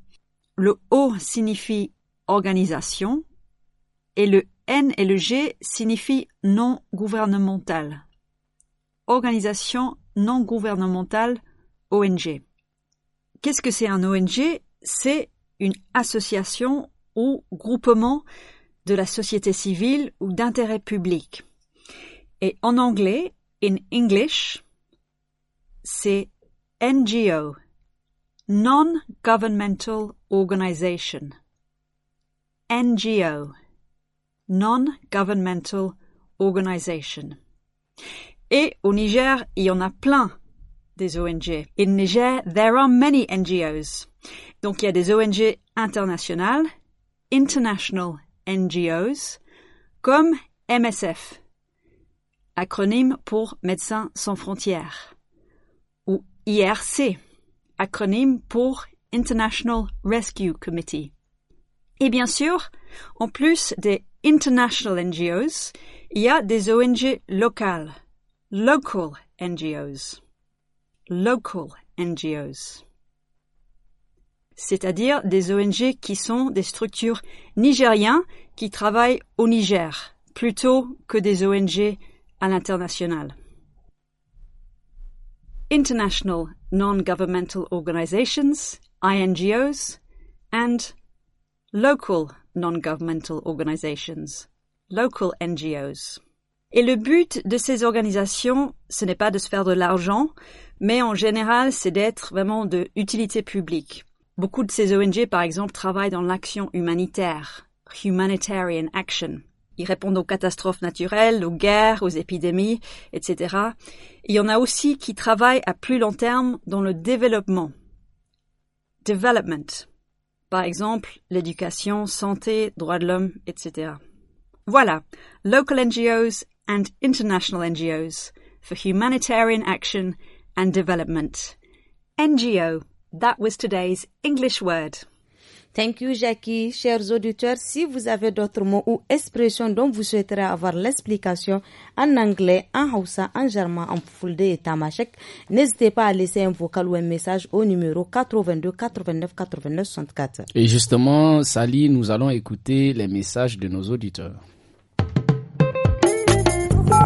Le O signifie organisation et le N et le G signifient non gouvernemental. Organisation non gouvernementale ONG. Qu'est-ce que c'est un ONG C'est une association ou groupement de la société civile ou d'intérêt public. Et en anglais, in English, c'est NGO, Non-Governmental Organization. NGO, Non-Governmental Organization. Et au Niger, il y en a plein des ONG. In Niger, there are many NGOs. Donc il y a des ONG internationales, International NGOs, comme MSF, acronyme pour Médecins sans frontières, ou IRC, acronyme pour International Rescue Committee. Et bien sûr, en plus des International NGOs, il y a des ONG locales, Local NGOs. Local NGOs, c'est-à-dire des ONG qui sont des structures nigériennes qui travaillent au Niger plutôt que des ONG à l'international. International Non-Governmental Organizations, INGOs, and Local Non-Governmental Organizations, Local NGOs. Et le but de ces organisations, ce n'est pas de se faire de l'argent, mais en général, c'est d'être vraiment de utilité publique. Beaucoup de ces ONG, par exemple, travaillent dans l'action humanitaire, humanitarian action. Ils répondent aux catastrophes naturelles, aux guerres, aux épidémies, etc. il y en a aussi qui travaillent à plus long terme dans le développement. Development. Par exemple, l'éducation, santé, droits de l'homme, etc. Voilà. Local NGOs et international NGOs for humanitarian action and development. NGO, that was today's English word. Thank you, Jackie. Chers auditeurs, si vous avez d'autres mots ou expressions dont vous souhaiterez avoir l'explication en anglais, en hausa, en germain, en fulde et tamashek, n'hésitez pas à laisser un vocal ou un message au numéro 82 89 89 64. Et justement, Sally, nous allons écouter les messages de nos auditeurs.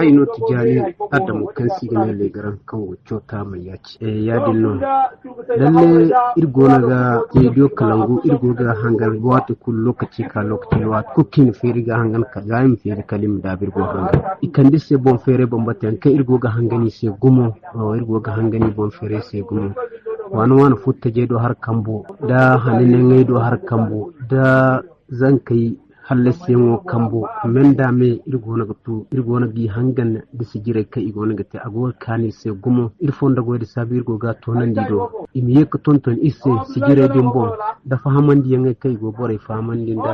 aino tijani adamu kan sigina le garan kan wacce ta mai yaci e ya eh, dillo lalle irgo na ga radio kalangu irgo ga hangan wata kul lokaci ka lokaci wa kukin feri ga hangan ka ga im feri kalim da birgo hangan ikan disse bon fere bon batan kan irgo ga hangani se gumo irgo ga hangani bon fere se gumo wani wani futta je do har kambo da hannun ne do har kambo da zan kai fallasiyamo kambo mendame irgonagatu irgonagi hangan disigireka igonagate ago kanise gumo irfondagoyde sabi irgoga tonandido imiyeka tonton isse sigire dimbo dafa hamandi yangay ka igo bore famandi da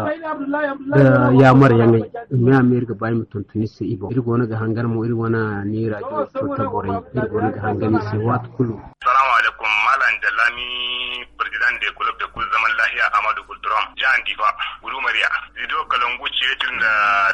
da yamar yangay imiya mirga bayma tonton isse ibo irgonaga hangarmo irgona ni radio tota bore irgonaga hangan isse wat kulu assalamu alaikum malan dan da club da kul zaman lahiya Amadu Kulturam, Jan Difa Gulumariya Zido Kalungu ciretin da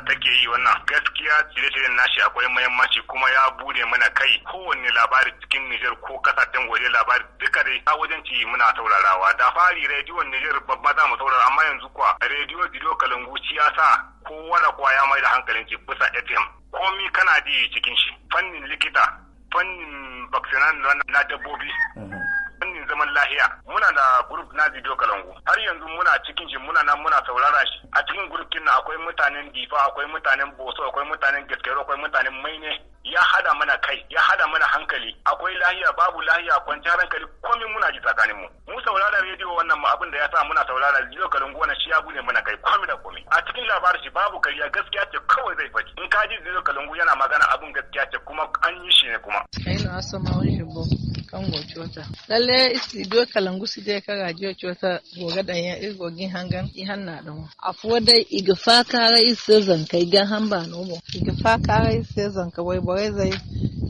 take yi wannan gaskiya cire-ciren nashi akwai mahimmanci kuma ya bude mana kai kowanne labari cikin Nijar ko kasa ta waje labari duka dai a wajen ci muna taurarawa da fari rediyon Niger babba za mu taurara amma yanzu kuwa rediyo Zido Kalungu ya sa kowa da kowa ya mai da hankalin ci bisa FM komi kana ji cikin shi fannin likita fannin vaccinatin na dabbobi mhm. zaman lahiya muna da group na video kalangu har yanzu muna cikin shi muna nan muna saurara shi a cikin group kin akwai mutanen difa akwai mutanen boso akwai mutanen gaskero akwai mutanen maine ya hada mana kai ya hada mana hankali akwai lahiya babu lahiya kwanciyar hankali komai muna ji tsakanin mu mu saurara rediyo wannan mu abin da ya sa muna saurara video kalangu wannan shi ya bude mana kai komai da komai a cikin labarin shi babu kariya gaskiya ce kawai zai faɗi in ka ji video kalangu yana magana abin gaskiya ce kuma an yi shi ne kuma. kango chota lalle isli do kalangu si de kaga jo chota goga dan ya go gin hangan i hanna don afuwa dai iga fa kara isse zan kai ga hamba no mo iga fa kara isse zan ka wai boye zai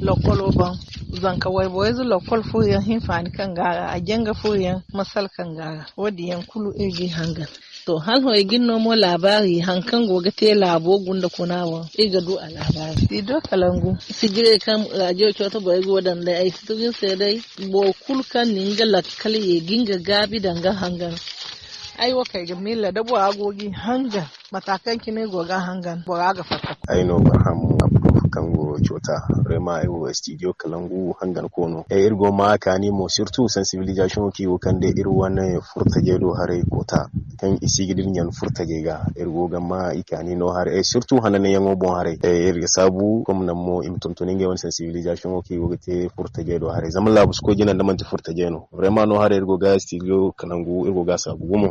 lokol ban zan ka wai boye zai lokol fu ya hin fani kan gara a jenga fu ya masal kan gara wodi yan kulu irgi hangan to han hoye gin mo labari hankan goga te labo gunda kunawa e ga du a labari si do kalangu gire kam radio kyoto boy go dai ai gin sai dai bo kulkan ninga lakkal ye ginga gabi danga hangan ai wa kai milla da bo agogi hanga matakan ki ne goga hangan bo ga fata ai no barhamu kango chota rema iwo studio kalangu hangan kono e irgo ma kani mo surtout sensibilisation ki wo kande irwana furta jelo hare kota kan isi gidin yan furta jega irgo gamma ikani no hare e surtout hanane yango bon hare e irga sabu kom nan mo imtuntuni ngewon won sensibilisation ki wo gete furta jelo hare zamla ko jina da man furta jeno rema no hare irgo ga studio kalangu irgo ga sabu gumo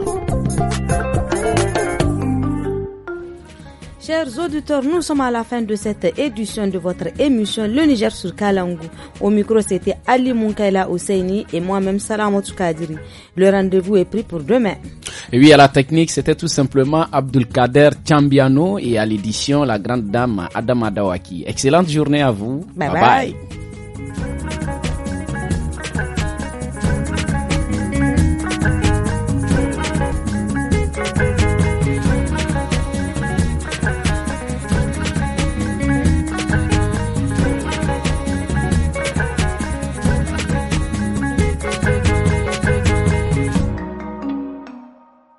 Chers auditeurs, nous sommes à la fin de cette édition de votre émission Le Niger sur Kalangou. Au micro, c'était Ali Munkaila Oseini et moi-même Salamotou Kadiri. Le rendez-vous est pris pour demain. Et oui, à la technique, c'était tout simplement Abdulkader Kader Chambiano et à l'édition, la grande dame Adama Dawaki. Excellente journée à vous. bye. bye.